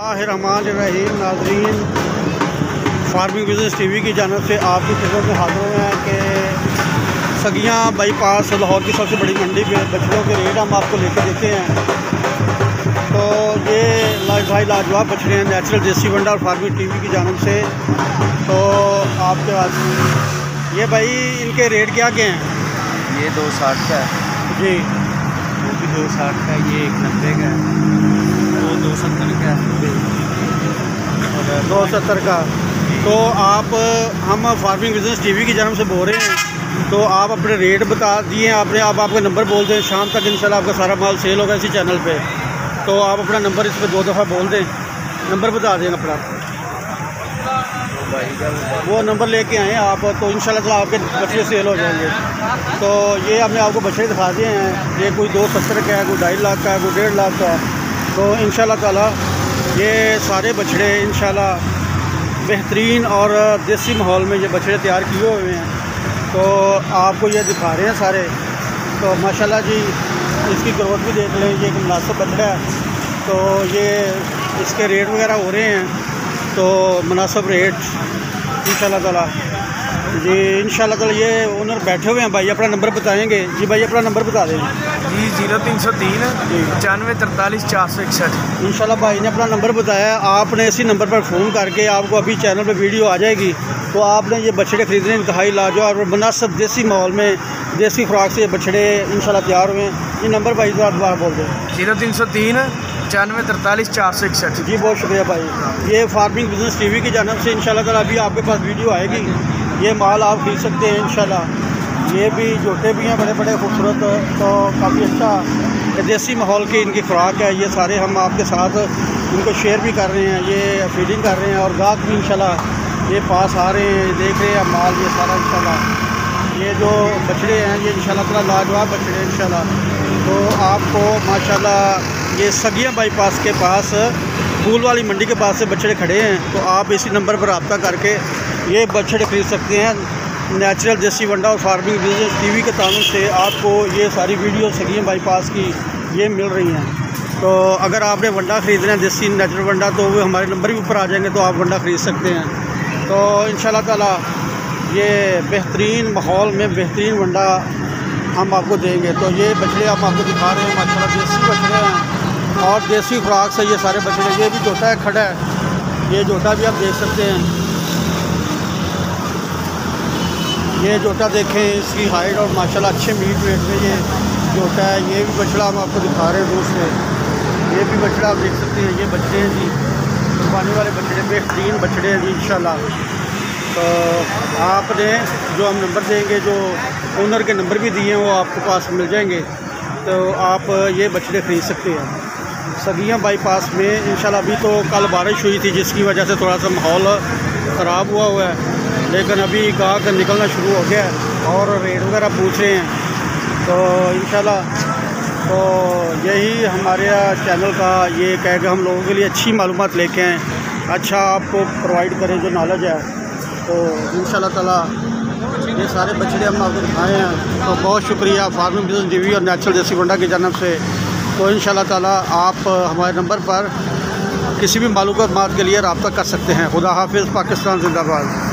रही नाजरीन farming business TV की जानब से आपकी चीज़ों में हाजिर हुए हैं कि सगियाँ बाईपास लाहौर की सबसे बड़ी मंडी पे बछड़ों के रेट हम आपको लेकर देते हैं तो ये लाज भाई लाजवाब बछड़े हैं नेचुरल देसी वंडा और फार्मिंग टीवी की जानब से तो आपके पास ये भाई इनके रेट क्या के हैं ये दो साठ का है जी वो भी दो साठ का ये एक नब्बे का है सत्तर का तो आप हम फार्मिंग बिजनेस टीवी की जन्म से बोल रहे हैं तो आप अपने रेट बता दिए आपने आप आपका नंबर बोल दें शाम तक इंशाल्लाह आपका सारा माल सेल होगा इसी चैनल पे तो आप अपना नंबर इस पर दो दफ़ा बोल दें नंबर बता दें अपना वो नंबर लेके आए आप तो इन शाला आपके बछड़े सेल हो जाएंगे तो ये हमने आपको बछड़े दिखा दिए हैं ये कोई दो सत्तर का है कोई ढाई लाख का है कोई डेढ़ लाख का तो इन शाला ये सारे बछड़े इन बेहतरीन और देसी माहौल में ये बछड़े तैयार किए हुए हैं तो आपको ये दिखा रहे हैं सारे तो माशाल्लाह जी इसकी ग्रोथ भी देख लें ये एक मुनासिब बछड़ा है तो ये इसके रेट वगैरह हो रहे हैं तो मुनासिब रेट इन ताला जी इन शाला ये ओनर बैठे हुए हैं भाई अपना नंबर बताएँगे जी भाई अपना नंबर बता दें जी जीरो तीन सौ तीन पचानवे तरतालीस चार सौ इकसठ इन भाई ने अपना नंबर बताया आपने इसी नंबर पर फ़ोन करके आपको अभी चैनल पर वीडियो आ जाएगी तो आपने ये बछड़े ख़रीदने दिखाई ला जो और मुनासब देसी माहौल में देसी खुराक से बछड़े इन तैयार हुए हैं ये नंबर भाई आप दोबारा बोल दें जीरो तीन सौ तीन पचानवे तरतालीस चार सौ इकसठ जी बहुत शुक्रिया भाई ये फार्मिंग बिजनेस वी की जानब से इन शाला अभी आपके पास वीडियो आएगी ये माल आप खरीद सकते हैं इन ये भी जोटे भी हैं बड़े बड़े खूबसूरत तो काफ़ी अच्छा देसी माहौल की इनकी खुराक है ये सारे हम आपके साथ इनको शेयर भी कर रहे हैं ये फीडिंग कर रहे हैं और गाहक भी इंशाल्लाह ये पास आ रहे हैं देख रहे हैं माल ये सारा इंशाल्लाह ये जो बछड़े हैं ये इंशाल्लाह तला लाजवाब बछड़े हैं इन तो आपको माशाल्लाह ये सगिया बाईपास के पास फूल वाली मंडी के पास से बछड़े खड़े हैं तो आप इसी नंबर पर रबता करके ये बछड़े खरीद सकते हैं नेचुरल देसी वंडा और फार्मिंग बिजनेस टीवी के तालुक से आपको ये सारी वीडियो सगीम बाईपास की ये मिल रही हैं तो अगर आपने वंडा ख़रीदना है देसी नेचुरल वंडा तो वो हमारे नंबर भी ऊपर आ जाएंगे तो आप वंडा ख़रीद सकते हैं तो इन ताला ये बेहतरीन माहौल में बेहतरीन वंडा हम आपको देंगे तो ये बछड़े हम आपको दिखा रहे हैं माशा देसी बछड़े हैं और देसी खुराक से ये सारे बछड़े ये भी जोता है खड़ा है ये जोता भी आप देख सकते हैं ये जोटा देखें इसकी हाइट और माशाल्लाह अच्छे मीट वेट में ये जोटा है ये भी बछड़ा हम आपको दिखा रहे हैं दूर से ये भी बछड़ा आप देख सकते हैं ये बच्चे हैं जी कुर्बानी वाले बछड़े बेहतरीन बछड़े हैं जी इन तो आपने जो हम नंबर देंगे जो ओनर के नंबर भी दिए हैं वो आपके पास मिल जाएंगे तो आप ये बछड़े ख़रीद सकते हैं सगियाँ बाईपास में इन अभी तो कल बारिश हुई थी जिसकी वजह से थोड़ा सा माहौल ख़राब हुआ हुआ है लेकिन अभी कहा कि निकलना शुरू हो गया है और रेट वगैरह पूछ रहे हैं तो इन तो यही हमारे चैनल का ये कह के हम लोगों के लिए अच्छी मालूम लेके हैं अच्छा आपको प्रोवाइड करें जो नॉलेज है तो इन ताला ये सारे बछड़े हम आपको दिखाए हैं तो बहुत शुक्रिया फार्मिंग बिजनेस डीवी और नेचुरल देसी गुंडा की जानब से तो इन ताला आप हमारे नंबर पर किसी भी मालूम के लिए रबता कर सकते हैं खुदा हाफिज़ पाकिस्तान जिंदाबाद